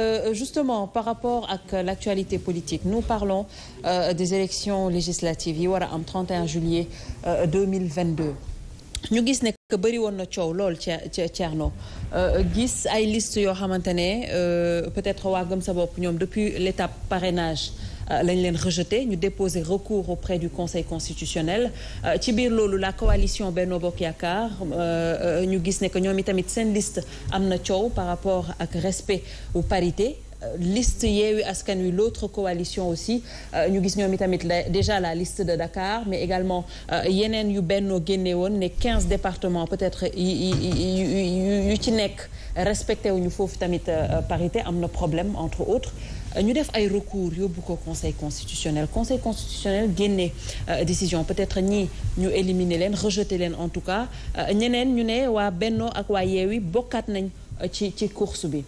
Euh, justement, par rapport à l'actualité politique, nous parlons euh, des élections législatives il y aura un 31 juillet 2022 Nous avons vu que bëri woon na Tcherno. nous ca ca Thierno euh, gis ay liste peut-être waa gëm sa depuis l'étape parrainage euh, lañ rejeté Nous déposé recours auprès du conseil constitutionnel euh, ci la coalition Benno Bokk nous euh, ñu gis que nous avons mis liste am na par rapport ak respect ou parité liste Yewwi Askan Wi l'autre coalition aussi ñu gis déjà la liste de Dakar mais également Yenen yu Benno les 15 départements peut-être yu ci nekk respecté wuñu mettre tamit parité am problème entre autres nous def ay recours au ko conseil constitutionnel conseil constitutionnel une euh, décision peut-être ñii ñu éliminer leen rejeter leen en tout cas euh, Nous ñu ne wa Benno ak wa Yewwi bokkaat nañ euh, ci ci course bi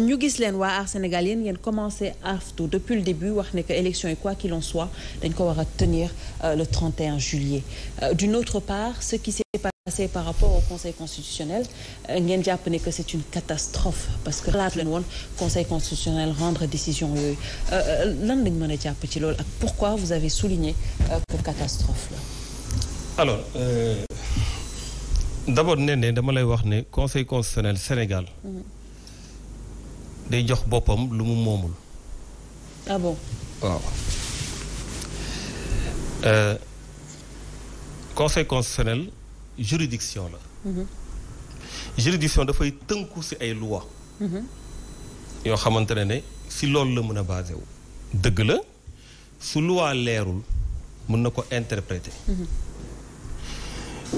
ñu gis leen wa ar Sénégal ñen commencé aftu depuis le début wax né que élection et quoi qu'il en soit dañ ko wara tenir le 31 juillet d'une autre part ce qui s'est passé c'est par rapport au Conseil constitutionnel euh, nous que c'est une catastrophe parce que là, le Conseil constitutionnel rendre décision décisions. Euh, euh, pourquoi vous avez souligné que catastrophe alors d'abord nous ne dama lay Conseil constitutionnel Sénégal day jox ah bon Conseil constitutionnel juridiction la. Mhm. juridiction tant que c'est une loi mhm. Et on ne ne si Si la a basé la loi on ne interpréter. Mhm.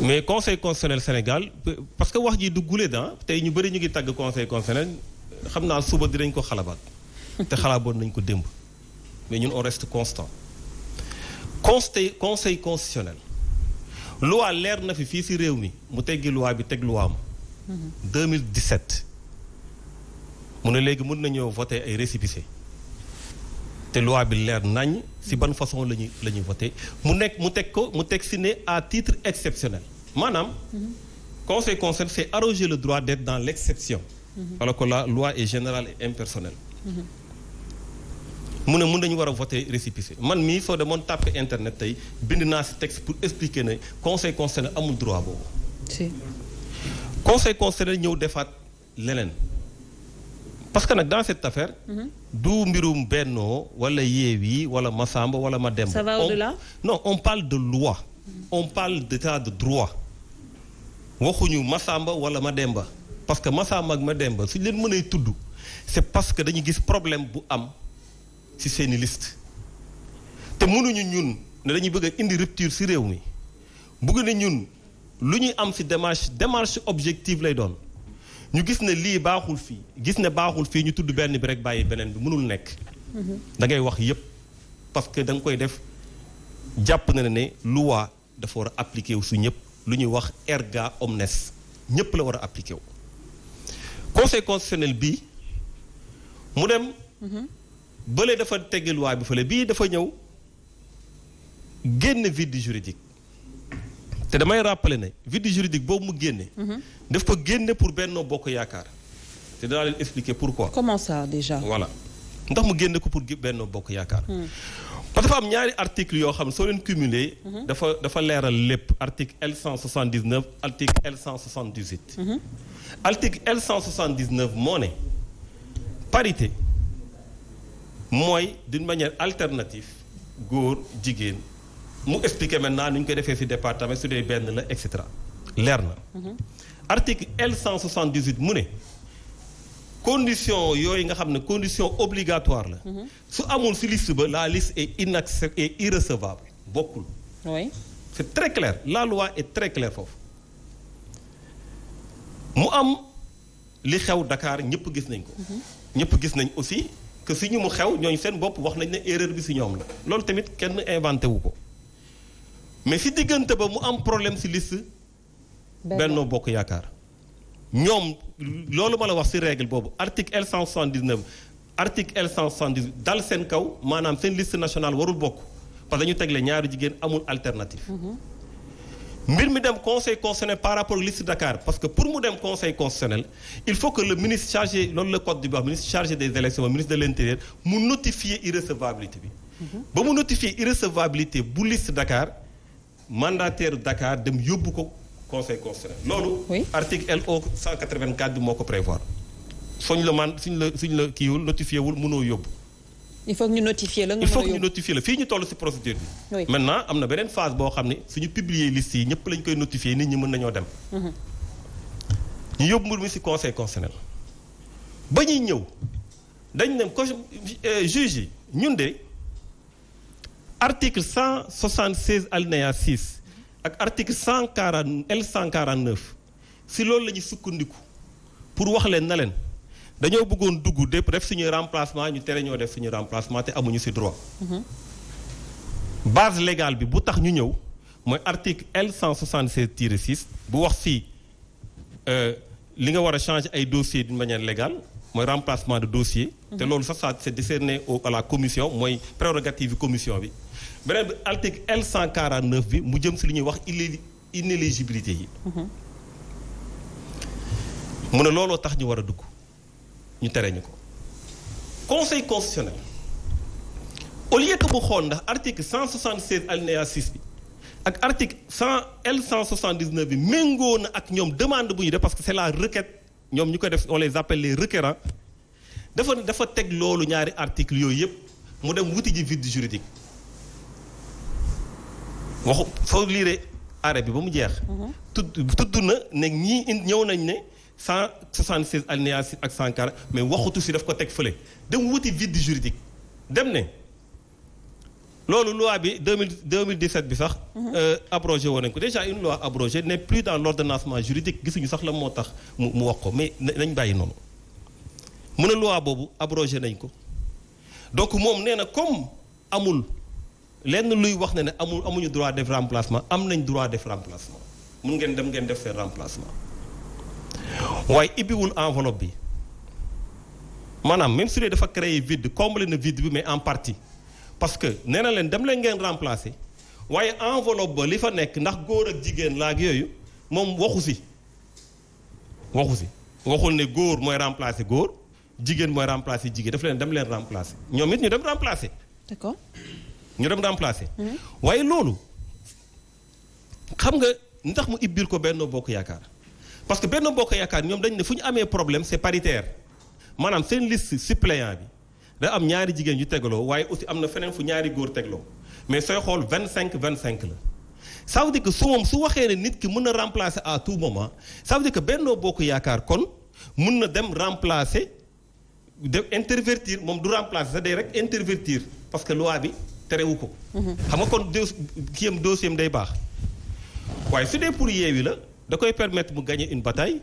mais conseil constitutionnel Sénégal parce que wax ji du conseil constitutionnel suba mais on reste constant. conseil constitutionnel loi à na fi fi si réew mi mu loi bi tegg loi am 2017 mu ne léegi mën voté ay récépissé té loi bi l'air nañ si bonne façon de lañu voter. mu à titre exceptionnel quand conseil conseil c'est arroger le droit d'être dans l'exception mhm. alors que la loi est générale et impersonnelle mhm mu ne mun dañu war a voter récépissé man mii soo demoon tàppe internet tey bind naa si texte pour expliquer ne conseil constitutionnel amul droit boobu. si conseil constitutionnel ñëw defaat leneen. parce que nag dans cette affaire. Mhm. du mbirum Bennoo wala Yewwi wala Massamba wala Mademba. ça va au-delà non on parle de loi. Mhm. on parle d'état de droit. waxuñu Massamba wala Mademba parce que Massamba ak Mademba suñ leen mënee tudd c'est parce que dañu gis problème bu am. ci seeni list te mënuñu ñun ne dañuy bëgg a indi rupture ci réew mi bugg na ñun lu ñuy am ci démarche démarche objectif lay doon ñu gis ne lii baaxul fii gis ne baaxul fii ñu tudd benn bi rek bàyyi beneen bi mënul nekk mhm. da ngay wax yépp parce que da nga koy def jàpp na ne ne loi dafa war a appliqué wu su ñëpp lu ñuy wax erga omnes ñëpp la war a appliqué wu bi mu dem mhm. bële dafa teggi loi bi fële bii dafa ñëw génn vide juridique te damay rappelé ne vide juridique boobu mu génne. Mhm. daf ko génne pour Benno Bokk Yaakaar te danaa leen expliquer pourquoi. comment ça déjà. voilà ndax mu génne ko pour Benno Bokk Yaakaar. Hmm. parce que dafa am ñaari article yoo xam ne soo leen cumulé. Mhm. dafa dafa leeral lépp article L 179 article L 178. Mhm. article L 179 moo parité. Moi, d'une manière alternative je vais mu expliquer maintenant nous, ñu koy fait ci département sur des benn la mhm. article L 178 mu condition yoy nga condition obligatoire la. Mhm. su amul ci liste la liste est inacceptable, est irrecevable bokul oui c'est très clair la loi est très claire foofu mu am li xew Dakar ñepp gis nañ ko. Mhm. ñepp gis nañ aussi. que fi ñu mu xew ñooñu seen bopp wax nañ ne erreur bi si ñoom la loolu tamit kenn inventé wu ko mais si diggante ba mu am problème si liste. Benno Bokk Yaakaar. ñoom loolu ma la wax si règle boobu artique article L le article L 178 dal seen kaw maanaam seen liste nationale warul bokk parce que ñu tegle ñaari jigéen amul alternative. Mhm. mbir mi dem conseil constitutionnel par rapport à liste Dakar parce que pour mu dem conseil constitutionnel il faut que le ministre chargé loolu le ministre chargé des élections ministre de l'Intérieur, nous mu notifier irrecevabilité bi. ba mu notifier irrecevabilité bu liste Dakar mandataire Dakar dem yóbbu ko conseil constitutionnel. loolu article LO 184 bi moo ko prévoir. suñ la man suñ la suñ la wul il faut que nous notifions la. il faut que nous notifions. la fii ñu procédure bi. maintenant am na de phase boo xam ne suñu publier liste yi pouvons lañ koy notifier nit ñi mën nañoo dem. Mhm. ñu yóbbu mbir mi conseil constitutionnel. ba ñuy ñëw dañ ne ko euh, juge yi ñun de article 176 alinéa 6 ak article 140 L 149 si le la ñu pour wax leen na dañoo bëggoon dugg dépp def suñu remplacement ñu tere ñoo def suñu remplacement te amuñu ci droit. Mhm. base légale bi bu tax ñu ñëw mooy article L 176 6 bu wax si euh, li nga war changer ay dossier d'une manière légale le remplacement de dossier. Mhm. te loolu ça c'est discerné à la commission mooy prérogative commission bi. commission bi article L 149 bi mu jëm ci li ñuy wax inéligibilité yi. Mhm. mu ne looloo tax ñu ñu ko conseil constitutionnel au lieu que mu xool article 176 alinéa 6 bi ak article 100 L 179 bi na ak ñoom demande bu ñu def parce que c'est la requête ñoom ñu ko def on les appelle les requérants dafa dafa teg loolu ñaari article yooyu yëpp mu dem wuti ji vide juridique waxu foo liire arrêt bi ba mu jeex. Mm-hmm. tudd tudd na ne ñii ñëw nañ ne. 176 alinéa 6 ak 140 mais waxutu si daf ko teg fële dem wuti vide juridique dem ne loolu loi bi 2017 bi sax. Mhm. Euh, abrogé woon ko déjà une loi abrogée n'est plus dans l'ordonnancement juridique gisuñu sax la moo tax mu mu wax ko mais nañ bàyyi noonu mu loi boobu abrogé nañ ko donc moom nee na comme amul lenn luy wax ne ne amul amuñu droit def remplacement am nañ droit def remplacement mun ngeen dem ngeen def seen remplacement waaye ibbiwul enveloppe bi maanaam même si dee dafa créer vide combler na vide bi mais en partie parce que nee na leen dem leen ngeen remplacer waaye enveloppe ba li fa nekk ndax góor ak jigéen laak yooyu moom waxu si waxu si waxul ne góor mooy remplacer góor jigéen mooy remplacer jigéen daf leen dem leen remplacer ñoom it ñu dem remplacer. d'accord ñu dem remplacer. Mm-hmm. waaye loolu xam nga ndax mu ibbiir ko benn bokk yaakaar parce que Benno Bokk Yaakaar ñoom dañ ne fu ñu amee problème c'est paritaire maanaam seen liste suppléant bi da am ñaari jigéen yu tegaloo waaye aussi am na feneen fu ñaari góor tegloo mais sooy xool 25 25 la. ça veut dire que su moom su waxee ne nit ki mën remplacer à tout moment ça veut dire que Benno Bokk Yaakaar kon mën na dem remplacer de intervertir moom du remplacer sax day rek intervertir parce que loi bi terewu ko. Mhm. xam nga kon do kiyam deuxième day baax waaye su dee pour Yewwi la da koy permettre mu gagner une bataille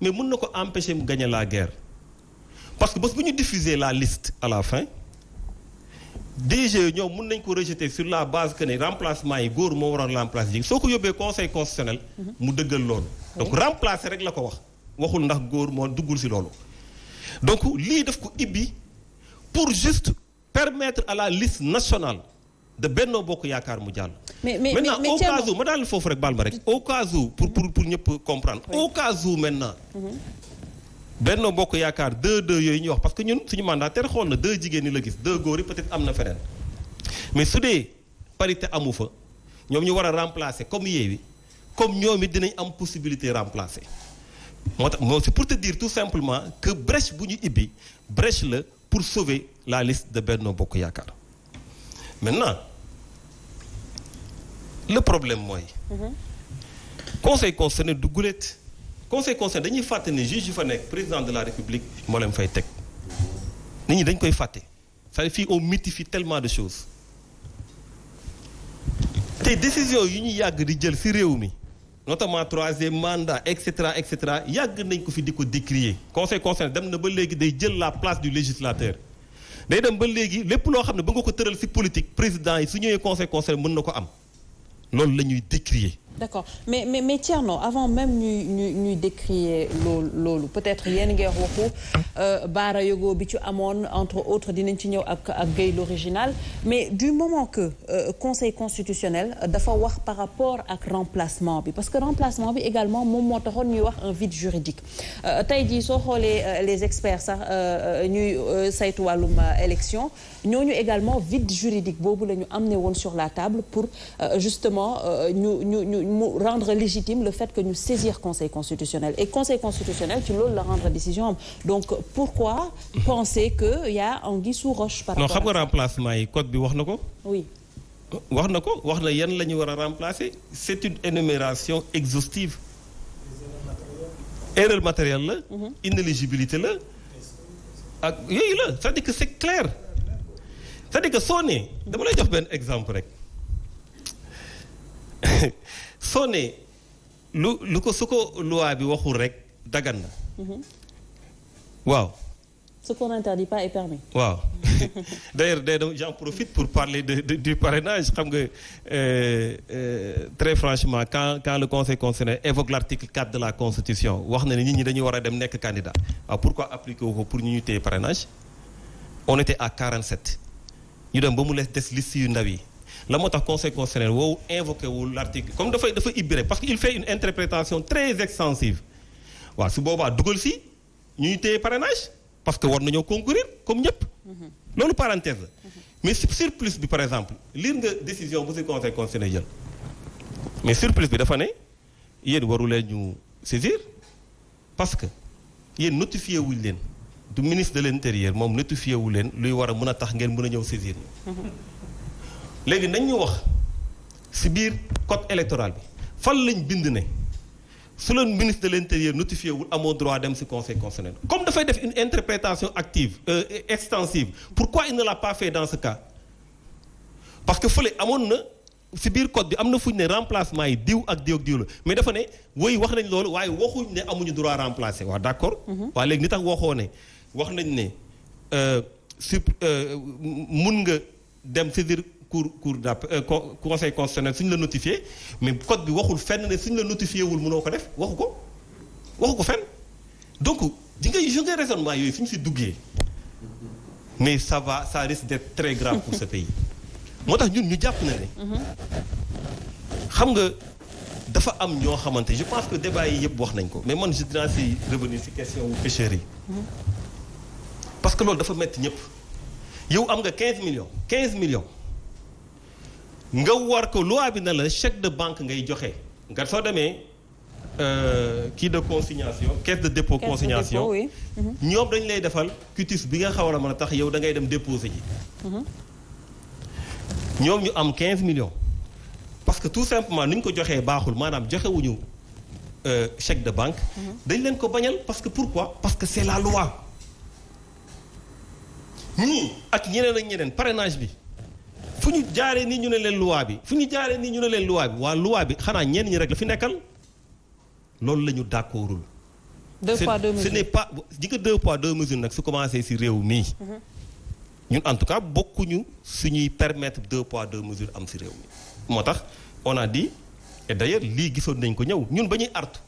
mais mën na ko empêcher de gagner la guerre parce que si bu ñu diffuser la liste à la fin DG ñoom mën nañ ko rejeter sur la base que ne remplacement yi góor moo waroon remplacer jigéen soo ko yóbbee conseil constitutionnel. mu dëggal donc remplacer rek la ko wax waxul ndax góor moo duggul ci loolu. donc lii daf ko ibbi pour juste permettre à la liste nationale de Benno Bokk yakar mu jàll. mais maintenant mais, mais, au cas où ma dal fofu rek bal ma rek au cas où pour pour pour ñëpp comprendre. au cas où maintenant. Mhm. Benno Bokk Yaakaar deux deux yoy ñu wax parce que ñun suñu mandataire de na deux jigéen ni la gis deux góor peut-être amna na mais su parité amu fa ñom ñu wara remplacer comme Yewwi comme ñom it dinañ am possibilité remplacer. moo c'est pour te dire tout simplement que brèche bu ñu ibbi brèche le pour sauver la liste de Benno Bokk yakar maintenant le problème mooy. Mhm. conseil concerné du gulet. conseil concerné dañuy fàtte juge fa le président de la république moo Faitek. fay teg nit ñi dañ koy mythifie tellement de choses Les décisions yu ñu yàgg di jël ci réew mi notamment troisième mandat etc., etc., et cetera yàgg nañ ko fi décrier conseil concerné dem na ba la place du législateur day dem ba léegi lépp loo xam ne ba nga ko tëral ci politique président yi su ñëwee conseil conseil mën na ko am loolu la ñuy décrier D'accord. Mais, mais, mais avant même nous décrire décrier lolo, peut-être yéen ngeen waxu euh, Bara yogo bi Amon, entre autres dinañ ci ak l'original mais du moment que le euh, conseil constitutionnel dafa wax par rapport à remplacement parce que remplacement également mon moo ñuy un vide juridique euh, les experts sax ñuy saytu l'élection, élection avons également un vide juridique boobu nous amené sur la table pour justement nous rendre légitime le fait que nous saisir conseil constitutionnel et conseil constitutionnel tu loolu le rendre décision donc pourquoi penser que y a Anguissou sous roche par rapport non xam remplacement yi code bi wax oui wax na ko c'est une énumération exhaustive erreur matérielle mhm. inéligibilité la ak yooyu c'est-à-dire que c'est clair Ça à dire que Sony je vais vous jox un exemple rek sonné nee lu lu ko su ko loi bi waxul mhm. Ce qu'on n'interdit pas est permis. Wow. D'ailleurs, j'en profite pour parler du parrainage. Euh, euh, très franchement, quand, quand le Conseil concerné évoque l'article 4 de la Constitution, candidat. pourquoi appliquer pour l'unité parrainage On était à 47. Nous avons une liste la moo conseil constitutionnel woowu invoqué l'article, l'article. comme dafay dafa ibbi parce qu'il fait une interprétation très extensive Si su va dugal si unité téye parrainage parce que war nañoo concourir comme ñëpp. Mhm. loolu parenthèse Mais mais surplus bi par exemple l'une nga décision bu conseil constitutionnel sur mais surplus bi dafa ne yéen warulee nous saisir parce que est notifié wuñ leen du ministre de l'Intérieur, il a notifié wu leen luy a mën a tax ngeen saisir. Mhm légui nañ ñu wax ci biir code électoral bi fan lañ bind ne su leen ministre de l' intérieur notifié wul amoo droit dem si conseil constitutionnel comme dafay def une interprétation active euh, extensive pourquoi il ne l'a pas fait dans ce cas parce que fële amoon na si biir code bi am na fu ne remplacement yi diw ak diw ak diw la mais dafa ne woy wax nañ loolu waaye waxuñ ne amuñu droit remplacer waaw d' accord. Mhm. waaye léegi ni tax waxoo ne wax nañ ne euh, euh, mun nga dem si cour cour d'appel euh, conseil constitutionnel suñ la notifié mais code bi waxul fenn ne suñ la notifié wul le ko def waxuko waxuko Donc, fenn donc di ngay jógee raisonnement yoy suñ si duggé mais ça va ça risque d'être très grave pour ce pays motax ñun ñu japp na ne xam nga dafa am ño xamanté je pense que débat yi yeb wax nañ ko mais man je dinaa si revenir ci question wu yi parce que lolu dafa metti ñep yow am nga 15 millions 15 millions nga war ko loi bi na chèque de banque ngay joxe nga qui euh, de consignation caisse de dépôt consignation mhm. ñom dañ lay défal cutis bi nga mëna tax yow da ngay déposer ji mhm. ñu am 15 millions parce que tout simplement nous avons ko que euh, chèque de banque mhm. dañ leen ko parce que pourquoi parce que c'est la loi ñii ak ñeneen ak ñeneen parrainage bi fuñu ñu jaaree nii ñu ne leen loi bi fuñu ñu jaaree nii ñu ne leen loi bi waa loi bi xanaa ñenn ñi rek la fi nekkal loolu la ñu d'accordul. deux poids deux mesures ce n'est pas di ko deux poids deux mesures nag su commencé ci réew mii. Mm-hmm. ñun en tout cas bokkuñu suñuy permettre deux poids deux mesures am ci réew mi. moo tax on a dit et d'ailleurs lii gisoon nañ ko ñëw ñun ba ñuy artu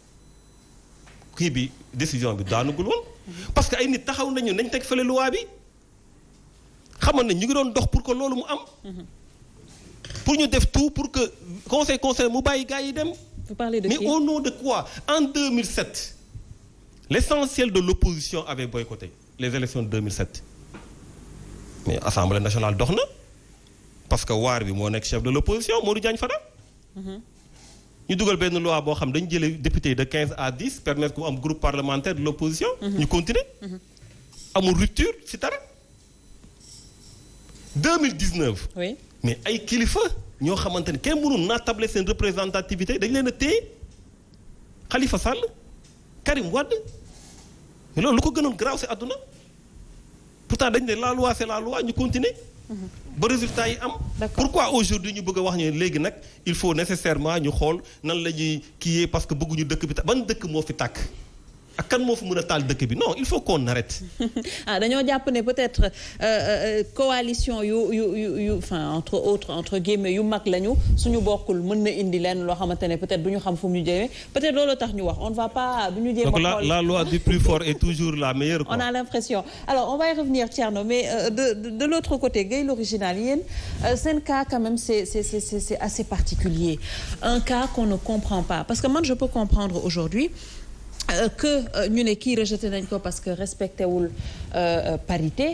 kii bi décision bi daanugul woon. Mm-hmm. parce que ay nit taxaw nañu nañ teg fële loi bi ñu ngi pour que loolu mu am. pour ñu def tout pour que conseil conseil mu bàyyi gars yi dem. mais au nom de quoi en 2007 l'essentiel de l'opposition avait boycotté les élections de 2007 mais assemblée nationale dox na parce que waar bi moo chef de l'opposition Modou Diagne Fada. ñu dugal benn loi boo xam dañu jëlee député de 15 à 10 permettre que am groupe parlementaire de l'opposition. Mhm. ñu continuer. Mhm. amul rupture c'est ça 2019. oui mais ay kilifa ñoo xamante ne kenn mënul naa table représentativité dañ leen a Khalifa Sall Karim Wade mais loolu lu ko gënoon graaw c'est aduna, pourtant dañ ne la loi c'est la loi ñu continuer. Mhm. ba résultat yi am. pourquoi aujourd'hui ñu bëgg wax ñu légui nak il faut nécessairement ñu xool nan lañuy kiyé parce que bëgguñu dëkk bi ban dëkk moo fi tàkk. À kan moo fa mën non il faut qu'on arrête. ah dañoo jàpp ne peut-être euh, euh, euh, coalition yu yu yu enfin entre autres entre guillemets yu mac lañu suñu bokkul mën na indi leen loo xamante peut-être du ñu xam fu ñu peut-être lolo tax ñu wax on ne va pas du ñu donc la loi du plus fort est toujours la meilleure. on a l'impression alors on va y revenir tierno, mais de de, l'autre côté Gueye l'original c'est un cas quand même c'est c'est c'est c'est assez particulier un cas qu'on ne comprend pas parce que moi, je peux comprendre aujourd'hui euh, que nous euh, ne kii rejeté parce que respecter euh, ou parité